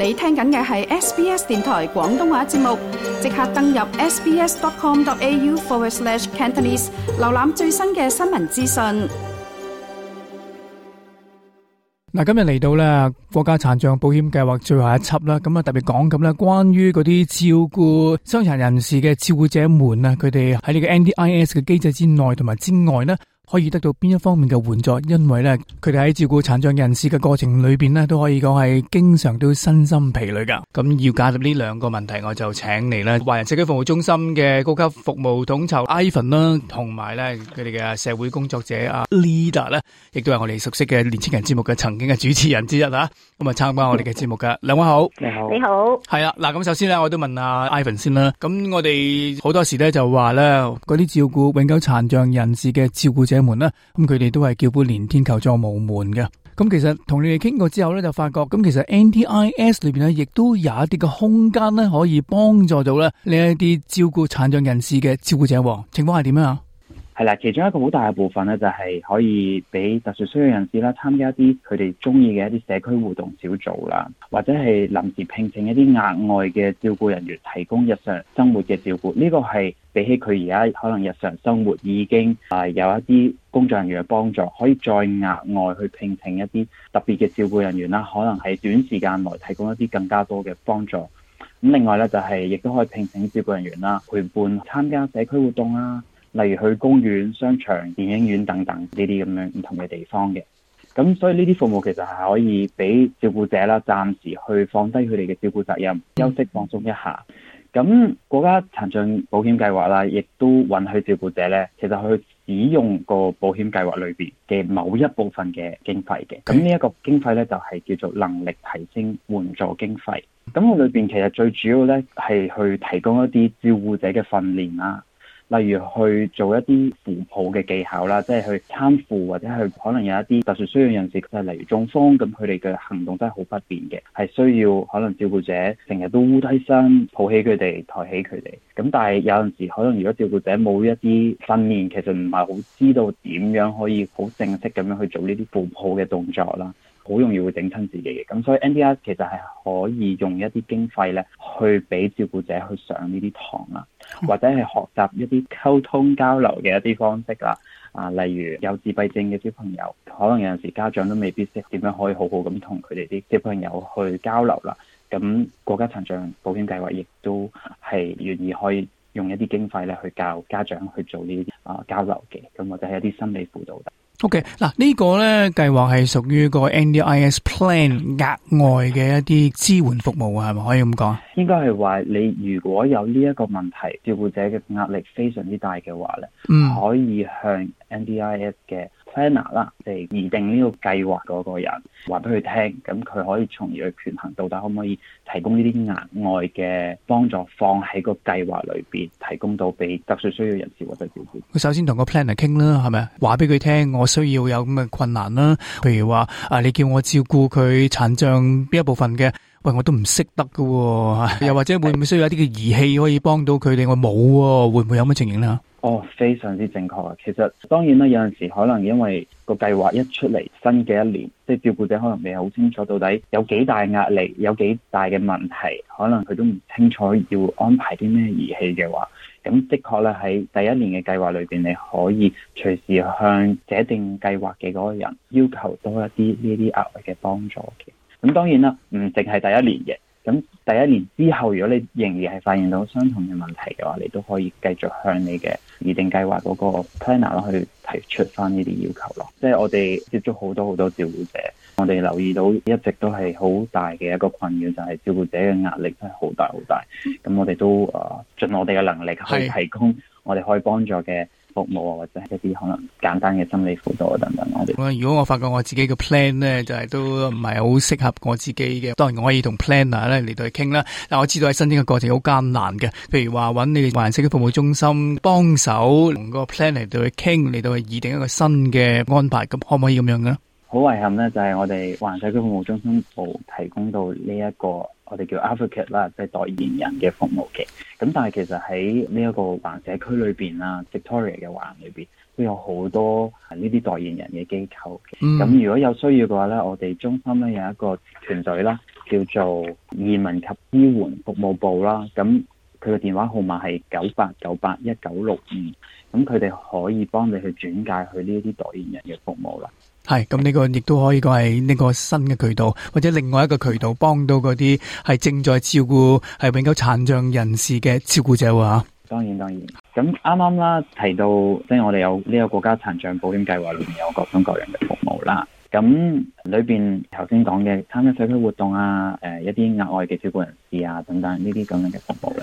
你聽緊嘅係 SBS 電台廣東話節目，即刻登入 sbs.com.au/cantonese 瀏覽最新嘅新聞資訊。嗱，今日嚟到咧國家殘障保險計劃最後一輯啦，咁啊特別講緊咧，關於嗰啲照顧傷殘人士嘅照顧者們啊，佢哋喺呢個 NDIS 嘅機制之內同埋之外呢，可以得到邊一方面嘅援助，因為咧佢哋喺照顧殘障人士嘅過程裏邊咧，都可以講係經常都身心疲累噶。咁要解答呢兩個問題，我就請嚟咧華人社區服務中心嘅高級服務統籌 Ivan 啦，同埋咧佢哋嘅社會工作者啊 Leda 咧，亦都係我哋熟悉嘅年青人節目嘅曾經嘅主持人之一啊。咁啊，參加我哋嘅節目噶，兩位好，你好，你好，係啦。嗱，咁首先咧，我都問阿 Ivan 先啦。咁我哋好多時咧就話咧，嗰啲照顧永久殘障人士嘅照顧者，門咧，咁佢哋都係叫苦連天，求助無門嘅。咁其實同你哋傾過之後咧，就發覺，咁其實 NDIS 裏邊咧，亦都有一啲嘅空間咧，可以幫助到咧呢一啲照顧殘障人士嘅照顧者。情況係點樣啊？係啦，其中一個好大嘅部分咧，就係可以俾特殊需要人士啦，參加啲佢哋中意嘅一啲社區活動小組啦，或者係臨時聘請一啲額外嘅照顧人員，提供日常生活嘅照顧。呢個係比起佢而家可能日常生活已經啊有一啲工作人員嘅幫助，可以再額外去聘請一啲特別嘅照顧人員啦，可能喺短時間內提供一啲更加多嘅幫助。咁另外咧，就係亦都可以聘請照顧人員啦，陪伴參加社區活動啦。例如去公園、商場、電影院等等呢啲咁樣唔同嘅地方嘅，咁所以呢啲服務其實係可以俾照顧者啦，暫時去放低佢哋嘅照顧責任，休息放鬆一下。咁國家殘障保險計劃啦，亦都允許照顧者咧，其實去使用個保險計劃裏邊嘅某一部分嘅經費嘅。咁呢一個經費咧，就係叫做能力提升援助經費。咁裏邊其實最主要咧係去提供一啲照顧者嘅訓練啦、啊。例如去做一啲扶抱嘅技巧啦，即係去攙扶或者去，可能有一啲特殊需要人士，佢例如中風，咁佢哋嘅行動真係好不便嘅，係需要可能照顧者成日都烏低身抱起佢哋、抬起佢哋。咁但係有陣時可能如果照顧者冇一啲訓練，其實唔係好知道點樣可以好正式咁樣去做呢啲扶抱嘅動作啦，好容易會整親自己嘅。咁所以 NDIS 其實係可以用一啲經費咧，去俾照顧者去上呢啲堂啦。或者係學習一啲溝通交流嘅一啲方式啦，啊，例如有自閉症嘅小朋友，可能有陣時家長都未必識點樣可以好好咁同佢哋啲小朋友去交流啦。咁、啊、國家殘障保險計劃亦都係願意可以用一啲經費咧去教家長去做呢啲啊交流嘅，咁、啊、或者係一啲心理輔導。OK，嗱呢個咧計劃係屬於個 NDIS Plan 額外嘅一啲支援服務啊，係咪可以咁講？應該係話你如果有呢一個問題，照顧者嘅壓力非常之大嘅話咧，嗯、可以向 NDIS 嘅。plan 啦，即係擬定呢個計劃嗰個人，話俾佢聽，咁佢可以從而去權衡到底可唔可以提供呢啲額外嘅幫助，放喺個計劃裏邊提供到俾特殊需要人士或者照顧。佢首先同個 planner 傾啦，係咪啊？話俾佢聽，我需要有咁嘅困難啦。譬如話啊，你叫我照顧佢殘障邊一部分嘅，喂，我都唔識得嘅喎。又或者會唔會需要一啲嘅儀器可以幫到佢哋？我冇喎、啊，會唔會有乜情形呢？哦，oh，非常之正確啊！其實當然啦，有陣時可能因為個計劃一出嚟，新嘅一年，即係照顧者可能未好清楚到底有幾大壓力，有幾大嘅問題，可能佢都唔清楚要安排啲咩儀器嘅話，咁的確咧，喺第一年嘅計劃裏邊，你可以隨時向制定計劃嘅嗰個人要求多一啲呢啲額外嘅幫助嘅。咁當然啦，唔淨係第一年嘅。咁第一年之後，如果你仍然係發現到相同嘅問題嘅話，你都可以繼續向你嘅擬定計劃嗰個 planner 去提出翻呢啲要求咯。即係我哋接觸好多好多照顧者，我哋留意到一直都係好大嘅一個困擾，就係照顧者嘅壓力真係好大好大。咁我哋都啊盡我哋嘅能力去提供我哋可以幫助嘅。服務啊，或者係一啲可能簡單嘅心理輔導啊等等。我，我如果我發覺我自己嘅 plan 咧，就係、是、都唔係好適合我自己嘅，當然我可以同 planner 咧嚟到去傾啦。但我知道喺申請嘅過程好艱難嘅，譬如話揾你個華人社區服務中心幫手同個 plan 嚟到去傾，嚟到去擬定一個新嘅安排，咁可唔可以咁樣嘅？好遺憾咧，就係我哋華人社區服務中心冇提供到呢、這、一個。我哋叫 Advocate 啦，即係代言人嘅服務嘅。咁但係其實喺呢一個華社區裏邊啦，Victoria 嘅華裏邊都有好多呢啲代言人嘅機構。咁、mm hmm. 如果有需要嘅話咧，我哋中心咧有一個團隊啦，叫做移民及支援服務部啦。咁佢嘅電話號碼係九八九八一九六二。咁佢哋可以幫你去轉介去呢一啲代言人嘅服務啦。係咁，呢、嗯這個亦都可以講係呢個新嘅渠道，或者另外一個渠道，幫到嗰啲係正在照顧係永久殘障人士嘅照顧者啊！當然，當然，咁啱啱啦，提到即係我哋有呢個國家殘障保險計劃，裏面有各種各樣嘅服務啦。咁裏邊頭先講嘅參加社區活動啊，誒、呃、一啲額外嘅照顧人士啊等等這這呢啲咁樣嘅服務咧，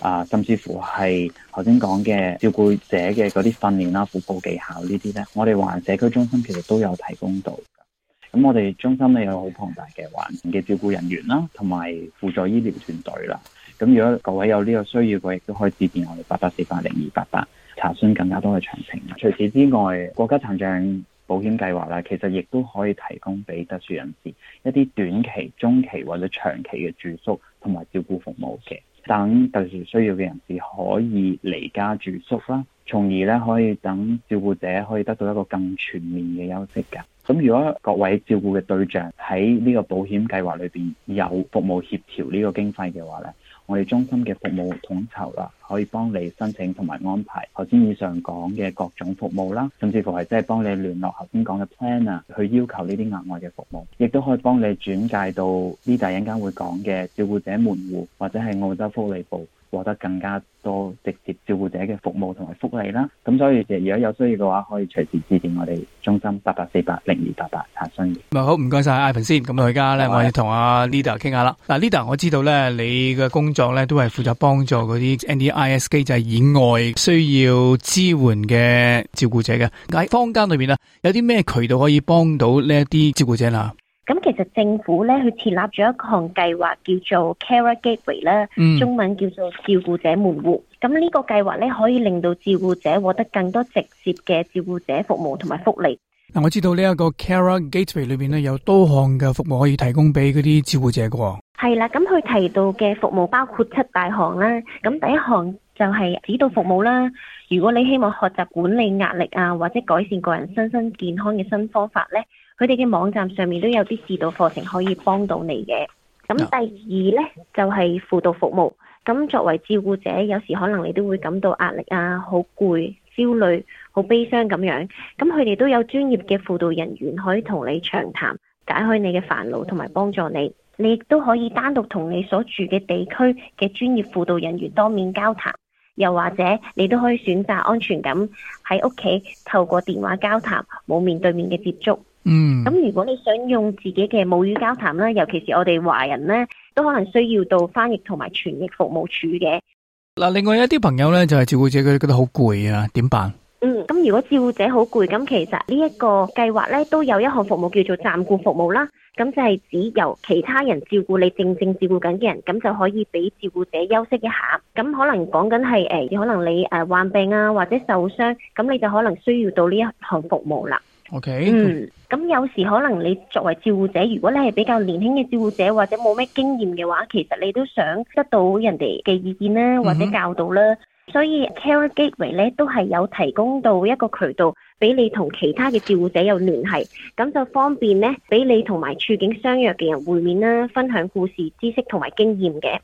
啊、呃，甚至乎係頭先講嘅照顧者嘅嗰啲訓練啦、輔導技巧呢啲咧，我哋華社區中心其實都有提供到。咁我哋中心咧有好龐大嘅華人嘅照顧人員啦、啊，同埋輔助醫療團隊啦。咁如果各位有呢個需要，佢亦都可以致電我哋八八四八零二八八查詢更加多嘅詳情。除此之外，國家殘障保險計劃啦，其實亦都可以提供俾特殊人士一啲短期、中期或者長期嘅住宿同埋照顧服務嘅，等特殊需要嘅人士可以離家住宿啦，從而咧可以等照顧者可以得到一個更全面嘅休息嘅。咁如果各位照顧嘅對象喺呢個保險計劃裏邊有服務協調呢個經費嘅話咧，我哋中心嘅服務統籌啦、啊，可以幫你申請同埋安排頭先以上講嘅各種服務啦、啊，甚至乎係即係幫你聯絡頭先講嘅 planner、啊、去要求呢啲額外嘅服務，亦都可以幫你轉介到呢第二間會講嘅照顧者門戶或者係澳洲福利部。獲得更加多直接照顧者嘅服務同埋福利啦，咁所以就如果有需要嘅話，可以隨時致電我哋中心八八四八零二八八查詢嘅。咁好，唔該晒，Ivan 先，咁啊，而家咧我哋同阿 Leda 傾下啦。嗱，Leda，、er，我知道咧你嘅工作咧都係負責幫助嗰啲 NDIS 機制以外需要支援嘅照顧者嘅，喺坊間裏邊啊，有啲咩渠道可以幫到呢一啲照顧者啦？咁其實政府咧，佢設立咗一項計劃叫做 Carer Gateway 啦，中文叫做照顧者門戶。咁呢個計劃咧，可以令到照顧者獲得更多直接嘅照顧者服務同埋福利。嗱，我知道呢一個 Carer Gateway 裏邊咧，有多項嘅服務可以提供俾嗰啲照顧者嘅。係啦，咁佢提到嘅服務包括七大項啦。咁第一項就係指導服務啦。如果你希望學習管理壓力啊，或者改善個人身心健康嘅新方法咧，佢哋嘅網站上面都有啲指導課程可以幫到你嘅。咁第二呢，就係輔導服務。咁作為照顧者，有時可能你都會感到壓力啊、好攰、焦慮、好悲傷咁樣。咁佢哋都有專業嘅輔導人員可以同你長談，解開你嘅煩惱同埋幫助你。你亦都可以單獨同你所住嘅地區嘅專業輔導人員當面交談，又或者你都可以選擇安全咁喺屋企透過電話交談，冇面對面嘅接觸。嗯，咁如果你想用自己嘅母語交談咧，尤其是我哋華人咧，都可能需要到翻譯同埋傳譯服務處嘅。嗱，另外一啲朋友咧就係照顧者，佢覺得好攰啊，點辦？嗯，咁如果照顧者好攰，咁其實呢一個計劃咧都有一項服務叫做暫顧服務啦。咁就係指由其他人照顧你正正照顧緊嘅人，咁就可以俾照顧者休息一下。咁可能講緊係誒，可能你誒患病啊，或者受傷，咁你就可能需要到呢一項服務啦。OK，嗯，咁有時可能你作為照顧者，如果你係比較年輕嘅照顧者或者冇咩經驗嘅話，其實你都想得到人哋嘅意見啦，或者教導啦，嗯、哼所以 Carer Gateway 咧都係有提供到一個渠道俾你同其他嘅照顧者有聯繫，咁就方便呢俾你同埋處境相若嘅人會面啦，分享故事、知識同埋經驗嘅。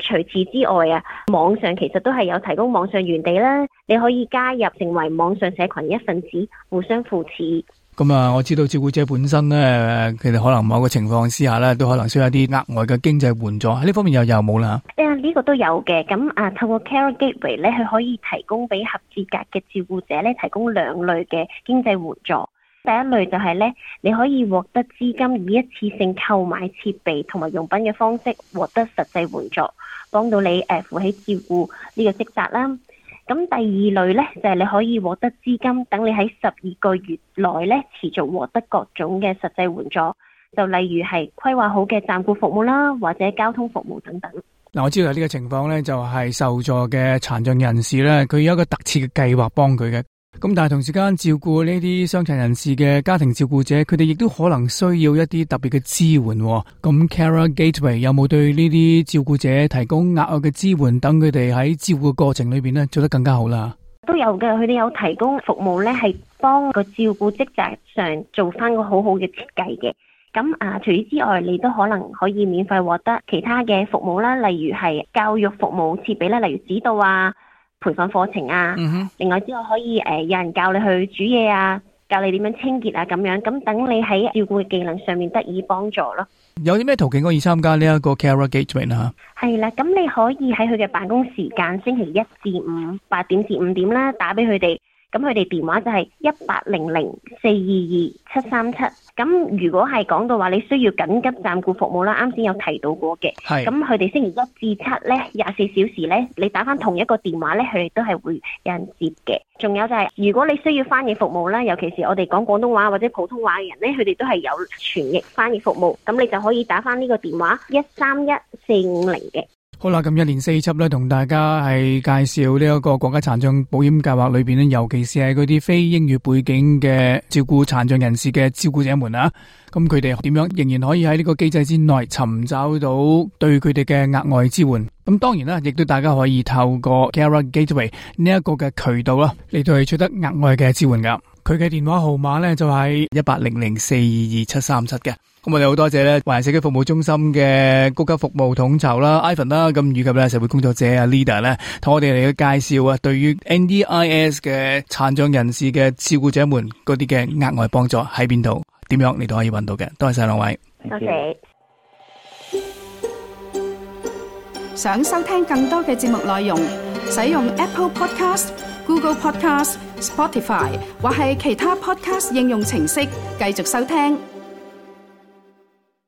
除此之外啊，網上其實都係有提供網上園地啦。你可以加入成為網上社群一份子，互相扶持。咁啊、嗯，我知道照顧者本身咧，佢、呃、哋可能某個情況之下咧，都可能需要一啲額外嘅經濟援助。喺呢方面又，又有冇啦？誒，呢個都有嘅。咁啊，透過 Carer、er、Gateway 咧，佢可以提供俾合資格嘅照顧者咧，提供兩類嘅經濟援助。第一類就係咧，你可以獲得資金以一次性購買設備同埋用品嘅方式獲得實際援助，幫到你誒，負、呃、起照顧呢個職責啦。咁第二類呢，就係、是、你可以獲得資金，等你喺十二個月內呢，持續獲得各種嘅實際援助，就例如係規劃好嘅暫顧服務啦，或者交通服務等等。嗱，我知道呢個情況呢，就係受助嘅殘障人士呢，佢有一個特設嘅計劃幫佢嘅。咁但係同時間照顧呢啲傷殘人士嘅家庭照顧者，佢哋亦都可能需要一啲特別嘅支援。咁 Carer Gateway 有冇對呢啲照顧者提供額外嘅支援，等佢哋喺照顧嘅過程裏邊咧做得更加好啦？都有嘅，佢哋有提供服務咧，係幫個照顧職責上做翻個好好嘅設計嘅。咁啊，除此之外，你都可能可以免費獲得其他嘅服務啦，例如係教育服務設備啦，例如指導啊。培訓課程啊，嗯、哼另外之外可以誒、呃，有人教你去煮嘢啊，教你點樣清潔啊，咁樣咁等你喺照顧嘅技能上面得以幫助咯。有啲咩途徑可以參加呢一個 Carer Gateway 啊？係啦，咁你可以喺佢嘅辦公時間，星期一至五八點至五點啦，打俾佢哋。咁佢哋電話就係一八零零四二二七三七。咁如果係講到話你需要緊急暫顧服務啦，啱先有提到過嘅。咁佢哋星期一至七呢，廿四小時呢，你打翻同一個電話呢，佢哋都係會有人接嘅。仲有就係、是、如果你需要翻譯服務啦，尤其是我哋講廣東話或者普通話嘅人呢，佢哋都係有全譯翻譯服務。咁你就可以打翻呢個電話一三一四五零嘅。好啦，咁一連四輯咧，同大家係介紹呢一個國家殘障保險計劃裏邊咧，尤其是係嗰啲非英語背景嘅照顧殘障人士嘅照顧者們啊，咁佢哋點樣仍然可以喺呢個機制之內尋找到對佢哋嘅額外支援？咁當然啦，亦都大家可以透過 Carer Gateway 呢一個嘅渠道啦、啊，嚟到來取得額外嘅支援噶。佢嘅電話號碼咧就係一八零零四二二七三七嘅。咁我哋好多謝咧，華人社區服務中心嘅高級服務統籌啦，Ivan 啦，咁以及咧社會工作者阿 Leda 咧，同我哋嚟嘅介紹啊，對於 NDIS 嘅殘障人士嘅照顧者們嗰啲嘅額外幫助喺邊度？點樣你都可以揾到嘅。多謝兩位。多謝。O K。想收聽更多嘅節目內容，使用 Apple Podcast、Google Podcast、Spotify 或係其他 Podcast 應用程式繼續收聽。